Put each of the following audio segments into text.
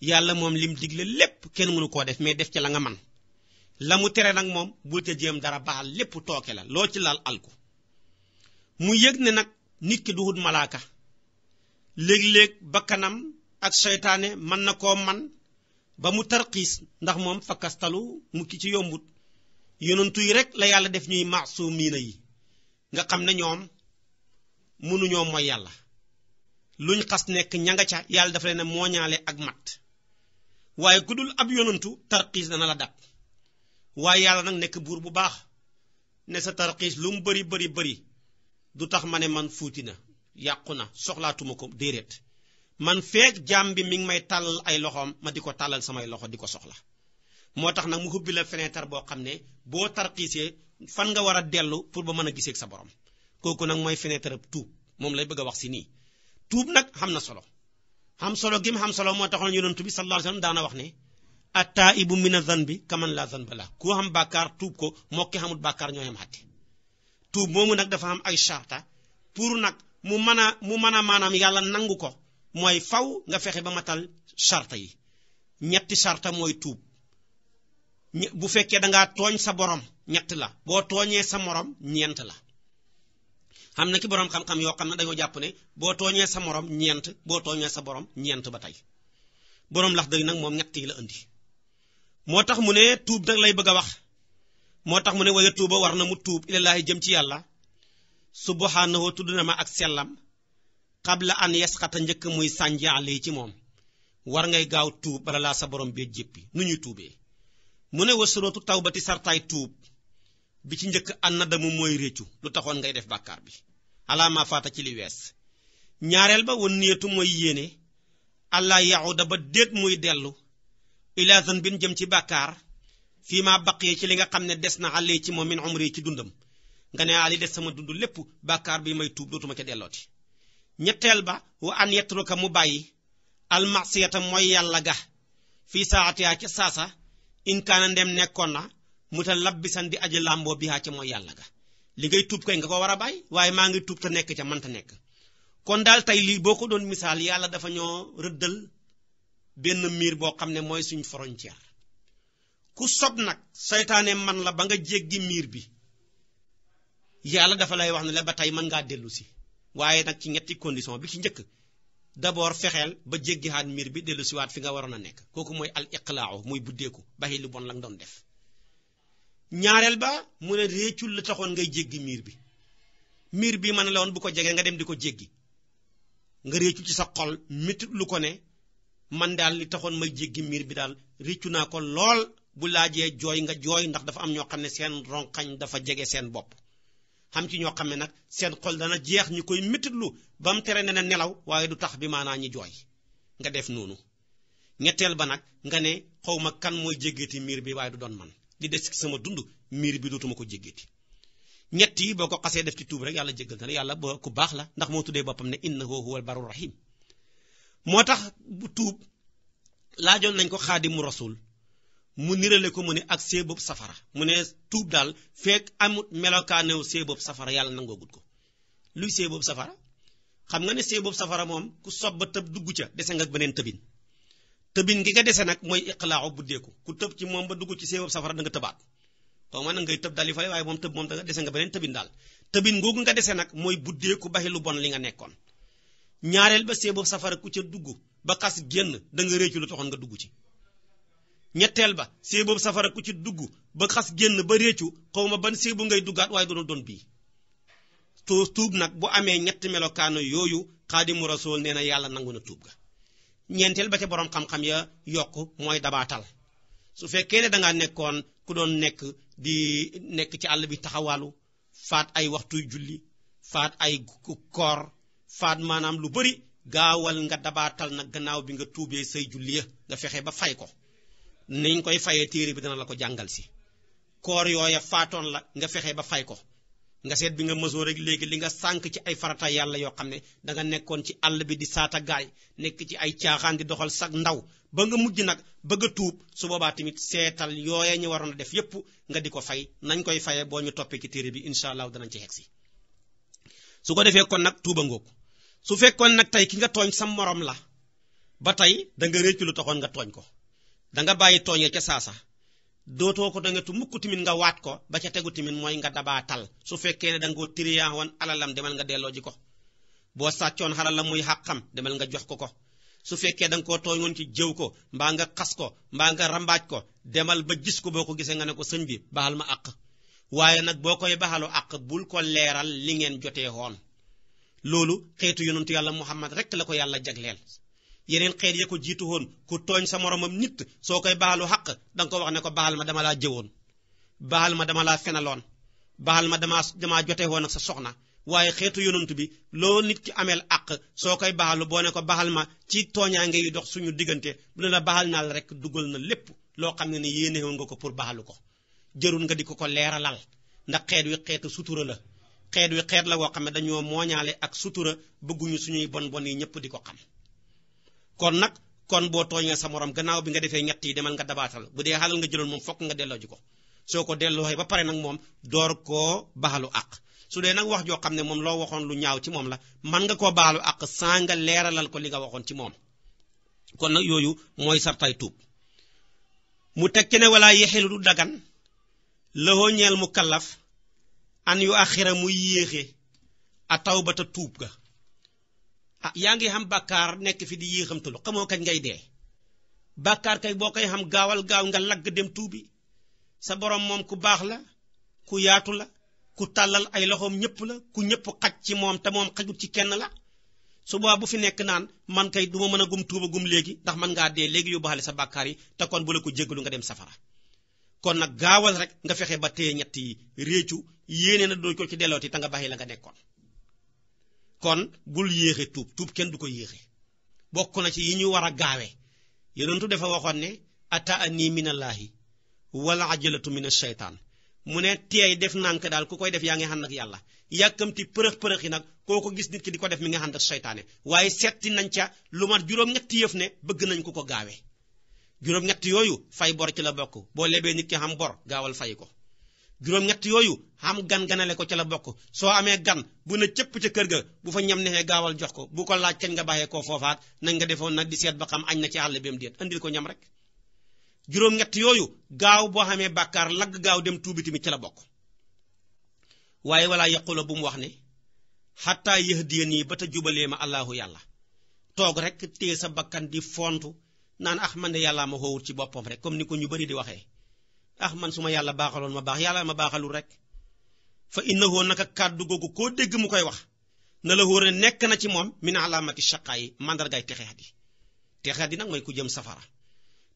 yàlla moom lim digle lépp kenn mënu koo def mais def ci la nga man la mu tere nag moom bu ca jéem dara baax lépp tooke la loo ci laal alku mu yég ne nag nit ki duhut malaaka léeg-léeg kanam ak seytaane mën na koo man ba mu tarxiis ndax moom fakkastalu mu ki ci yombut yonentu yi rek la yàlla def ñuy maasumiina yi nga xam ne ñoom mënuñoo mooy yàlla luñ xas nekk ña nga ca yàlla dafa leen mooñaale ak mat waaye ku dul ab yonantu tarxiis na la dab waaye yàlla nag nekk buur bu baax ne sa tarxiis lu mu bëri bari bari du tax ma ne man fuuti na yàqu na soxlaatuma ko déedéet man feek jaam bi mi ngi may tàllal ay loxoom ma di ko tàllal samay loxo di ko soxla moo tax nag mu hubbi la fenêtre boo xam ne boo tarxiisee fan nga war a dellu pour ba mën a giseeg sa borom kooku nag mooy fenêtre ab tuub moom lay bëgg a wax si nii tuub nag xam na solo xam solo gim xam solo moo taxoon yonent bi sallallahu alayhi wasallam daana wax ne attaibu mina zanbi kaman la zanba la ku xam bàkkaar tuub ko moo ki xamul bàkkaar ñoo xam àtte tuub moomu nag dafa am ay charta pour nag mu mën a mu mën a maanaam yàlla nangu ko mooy faw nga fexe ba matal charta yi ñetti charta mooy tuub bu fekkee da ngaa tooñ sa boroom ñett la boo tooñee sa moroom ñeent la am na ki borom xam-xam yoo xam na dañoo jàpp ne boo tooñee sa morom ñeent boo tooñee sa borom ñeent ba tey boroom lax dëgg nag moom ñetti la andi moo tax mu ne tuub nag lay bëgg a wax moo tax mu ne waya tuuba war na mu tuub ilallaahi jëm ci yàlla su subhanahu tudd na ma ak sellam xabla an yasxata njëkk muy sànjaale ci moom war ngay gaaw tuub bala laa sa borom bee jéppi nu ñuy tuubee mu ne wasurootu tawbati sartaay tuub bi ci njëkk an na damu mooy réccu lu taxoon ngay def bàkkaar bi alaama faata ci li wees ñaareel ba wan niyatu mooy yéene allah yaxuda ba déet muy dellu ila zanbin jëm ci bàkkaar fii ma baqee ci li nga xam ne des na àlle ci moom min umri ci dundam nga ne ali des sama dund lépp bàkkaar bi may tuub dootuma ca dellooti ñetteel ba wa an yetruka mu bàyyi almasiyata mooy yàlla ga fii saatiyaa ca saasa inkaana ndem nekkoon na mu ta labbisan di aji làmboo bi ca mooy yàlla ga li ngay tuub kay nga ko war a bàyyi waaye maa ngi tuub te nekk ca man ta nekk kon daal tey lii boo ko doon misaal yàlla dafa ñoo rëddal benn miir boo xam ne mooy suñ frontière ku sob nag seytaane man la ba nga jéggi miir bi yàlla dafa lay wax ne la ba tey mën ngaa dellu si waaye nag ci ñetti condition bi ci njëkk d'abord fexeel ba jéggi xaat miir bi dellu si waat fi nga waroon a nekk kooku mooy al iqlaaw muy buddeeku baxi lu bon la doon def ñaareel ba mu ne réccul la taxoon ngay jéggi miir bi miir bi man la woon bu ko jegee nga dem di ko jéggi nga réccu ci sa xol métit lu ko ne man daal li taxoon may jéggi miir bi daal réccu naa ko lool bu laajee jooy nga jooy ndax dafa am ñoo xam ne seen ronkañ dafa jege seen bopp xam ci ñoo xam ne nag seen xol dana jeex ñu koy métitlu ba mu tere ne na nelaw waaye du tax bi naa ñi jooy nga def noonu ñetteel ba nag nga ne xawma kan mooy jéggeeti miir bi waaye du doon man di des ci sama dund miir bi dootuma ko jéggeeti ñett yi boo ko xasee def ci tuub rek yàlla jéggal na la yàlla boo ku baax la ndax moo tuddee boppam ne innahu huwal barur rahim moo tax bu tuub laajoon nañ ko xaadimu rasuul mu nirale ko mu ne ak see safara mu ne tuub daal fekk amut melokaanew see bopp safara yàlla nangoogut ko luy see safara xam nga ne see bopp safara moom ku sob ba tëb dugg ca dese nga beneen tëbin tëbin ngi nga dese nag mooy iqlaaxu buddeeku ku tëb ci moom ba dugg ci séewab safara da nga tëbaat xaw ma nag ngay tëb daal yi fay waaye moom tëb moom da nga dese nga beneen tëbin daal tëbin googu nga dese nag mooy buddeeku baxi lu bon li nga nekkoon ñaareel ba séewab safara ku ca dugg ba xas génn danga nga réccu lu taxoon nga dugg ci ñetteel ba séeboobu safara ku ca dugg ba xas génn ba réccu xaw ma ban séebu ngay duggaat waaye doona doon bii tuub nag bu amee ñetti melokaano yooyu xaadimu rasul nee na yàlla nangu na tuub ga ñeenteel ba ca boroom xam-xam ya yokk mooy dabaatal su fekkee ne da ngaa nekkoon ku doon nekk di nekk ci àll bi taxawaalu faat ay waxtuy julli faat ay koor faat maanaam lu bari gaawal nga dabaatal na gannaaw bi nga tuubee say julli ya nga fexe ba fay ko niñ koy fayee téere bi dana la ko jàngal si koor yooya faatoon la nga fexe ba fay ko nga seet bi nga mësoo rek léegi li nga sànq ci ay farata yàlla yoo xam ne danga nekkoon ci àll bi di saata gaay nekk ci ay caaxaan di doxal sag ndaw ba nga mujj nag bëgg a tuub su boobaa tamit seetal yooye ñu waroon a def yépp nga di ko fay nañ koy fayee boo ñu toppee ci téere bi incha allah danañ ci xegsi su ko defee kon nag tuuba ngoog su fekkoon nag tey ki nga tooñ sa moroom la ba tey da nga réccu lu taxoon nga tooñ ko da nga bàyyi tooñee ca saasa dootoo ko dangatu mukk tamit nga waat ko ba ca tegu tamit mooy nga dabaatal su fekkee ne da nga wan alalam demal nga delloo ji ko boo sàccoon xalalam muy xàqam demal nga jox ko ko su fekkee da nga koo tooñoon ci jëw ko mbaa nga xas ko mbaa nga rambaaj ko demal ba gis ko boo ko gisee nga ne ko sëñ bi baal ma àq waaye nag boo koy baaxalu àq bul ko leeral li ngeen jotee woon loolu xeetu yonentu yàlla Muhammad rekk la ko yàlla jagleel yeneen xeet ya ko jiitu woon ku tooñ sa moromam nit soo koy baalu xaq danga ko wax ne ko baal ma dama laa jëwoon baal ma dama laa fenaloon baal ma damaa damaa jote woon ak sa soxna waaye xeetu yonant bi loo nit ki ameel àq soo koy baalu boo ne ko baal ma ci tooñaange yi dox suñu diggante bu ne la baal naa la rek dugal na lépp loo xam ne ni yéene woon nga ko pour baalu ko jërul nga di ko ko leeralal ndax xeet wi xeetu sutura la xeet wi xeet la woo xam ne dañoo mooñaale ak sutura bëgguñu suñuy bon bon yi ñëpp di ko xam kon nag kon boo tooñee sa moroom gannaaw bi nga defee ñett yi demal nga dabaatal bu dee xalal nga jëloon moom fokk nga delloo ko soo ko delloo ba pare nag moom door koo baalu àq su dee nag wax joo xam ne moom loo waxoon lu ñaaw ci moom la man nga koo baalu àq saa nga leeralal ko li nga waxoon ci moom kon nag yooyu mooy sartay tuub mu teg ci ne wala yexilu du daggan lëxoo ñeel mu kallaf an yu axira mu yéexe a tawbata tuub ga ah yaa ngi xam bàkkaar nekk fi di yéexamtulu xamoo kañ ngay dee bàkkaar kay boo koy xam gaawal gaaw nga lagg dem tuubi sa borom moom ku baax la ku yaatu la ku tàllal ay loxoom ñëpp la ku ñëpp xaj ci moom te moom xajut ci kenn la su boobaa bu fi nekk naan man kay duma mën a gum tuuba gum léegi ndax man ngaa dee léegi yóbbaale sa bàkkaar yi te kon bu la ko lu nga dem safara kon nag gaawal rek nga fexe ba teye ñetti yi réccu yéene na doo ko ci dellooti te nga bàyyi la nga nekkoon kon bul yéexe tuub tuub kenn du ko yéexe bokk na ci yi ñu war a gaawe yonentu dafa waxoon ne nii ataani minallaahi wala ajalatu min ashaytaan mu ne teey def nànk daal ku koy def yaa ngi ànd ak yàlla yàkkamti përëx-përëx yi nag koo ko gis nit ki di ko def mi nga ànd ak seytaane waaye setti nañ ca lu mat juróom-ñetti yëf ne bëgg nañ ko ko gaawee juróom-ñetti yooyu fay bor ci la bokk boo lebee nit ki xam bor gaawal fay ko juróom-ñett yooyu xam gan ganale ko ca la bokk soo amee gan bu ne cëpp ca kër ga bu fa ñam nexee gaawal jox ko bu ko laaj kañ nga bàyyee koo foofaat nañ nga defoon nag di seet ba xam añ na ci àll bem mu déet ko ñam rek juróom-ñett yooyu gaaw boo xamee bàkkaar lagg gaaw dem tuubi tamit ca la bokk waaye walaa yaqula bu mu wax ne xattaa yahdiyanii ba ta jubalee ma allahu yàlla toog rek téye sa bakkan di fontu naan ax ah man de yàllaa ma xoowut ci boppam rek comme ni ko ñu bari di waxee ah man su ma yàlla baaxaloon ma baax yàlla ma baaxalul rek fa innahu naka kàddu googu koo dégg mu koy wax nala la wóor nekk na ci moom min alaamati shaqaa yi mandargaay texeet di texeet di nag mooy ku jëm safara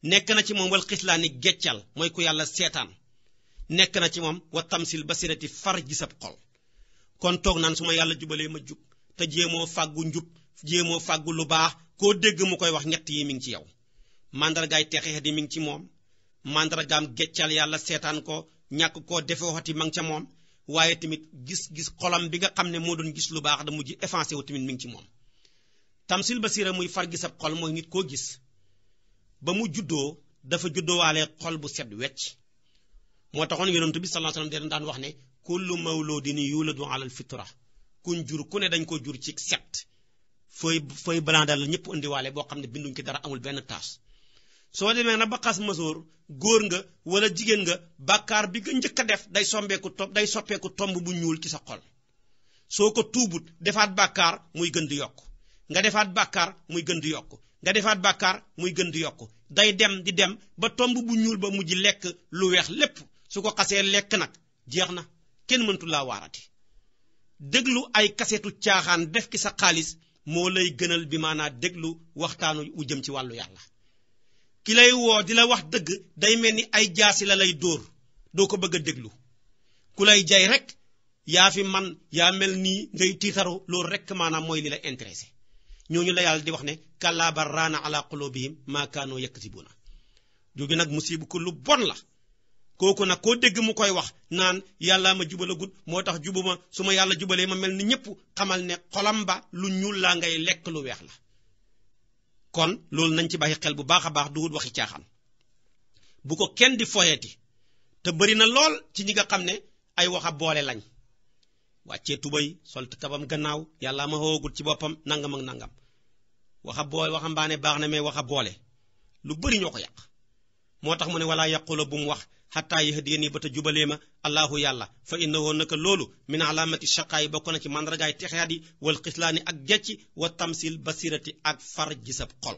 nekk na ci moom wal xislaani geccal mooy ku yàlla seetaan nekk na ci moom wa tamsil basirati far ji gisab xol kon toog naan suma yàlla jubalee ma jub te jéemoo fàggu njub jéemoo fàggu lu baax koo dégg mu koy wax ñett yi mi ngi ci yow mandargaay texeet yi mi ngi ci moom màndargaam geccal yàlla seetaan ko ñàkk koo defe waxati ma ngi ca moom waaye tamit gis-gis xolam bi nga xam ne moo doon gis lu baax da mujj effacé wu tamit mi ngi ci moom tamsil basira muy far gisab xol mooy nit koo gis ba mu juddoo dafa juddoowaale xol bu set wecc moo taxoon yonent bi sallallahu de daan wax ne di kullu mawludin yuladu ala alfitra kuñ jur ku ne dañ ko jur ci set fooy fooy blanc dal ñëpp indiwaale boo xam ne binduñ ci dara amul benn tache soo demee na ba xas masóor góor nga wala jigéen nga bàkkaar bi nga njëkk a def day sombeeku to day soppeeku tomb bu ñuul ci sa xol soo ko tuubut defaat bàkkaar muy gën di yokk nga defaat bàkkaar muy gën di yokk nga defaat bàkkaar muy gën di yokk day dem di dem ba tomb bu ñuul ba mu ji lekk lu weex lépp su ko xasee lekk nag jeex na kenn mëntu laa waarati déglu ay kasetu caaxaan def ki sa xaalis moo lay gënal bi maanaa déglu waxtaanu wu jëm ci wàllu yàlla ki lay woo di la wax dëgg day mel ni ay jaasi la lay dóor doo ko bëgg déglu ku lay jay rek yaa fi man yaa mel nii ngay tiitaru loolu rek maanaam mooy li la intéressé ñooñu la yàlla di wax ne kallaa bal raana ala qulubihim maa kaanoo yaktibuna jooju nag musibu ko lu bon la kooku nag koo dégg mu koy wax naan yàllaa ma jubalagut moo tax jubuma su ma yàlla jubalee ma mel ni ñëpp xamal ne xolam ba lu ñuul laa ngay lekk lu weex la kon loolu nañ ci bàyyi xel bu baax a baax duwul waxi caaxaan bu ko kenn di foyeti te bëri na lool ci ñi nga xam ne ay waxa boole lañ wàccee tubéy sol kabam gannaaw yàlla ma xoogut ci boppam nangam ak nangam waxa boole waxambaane baax na mais waxa boole lu bëri ñoo ko yàq moo tax mu ne wala yàqula bu mu wax xattaa yahdiyani ba ta jubalee ma allahu yàlla fa inna woon naka loolu min alaamati shaqaayi bokk na ci mandargaay texeyaat yi wal xislaani ak gecci wa tamsil basirati ak far gisab xol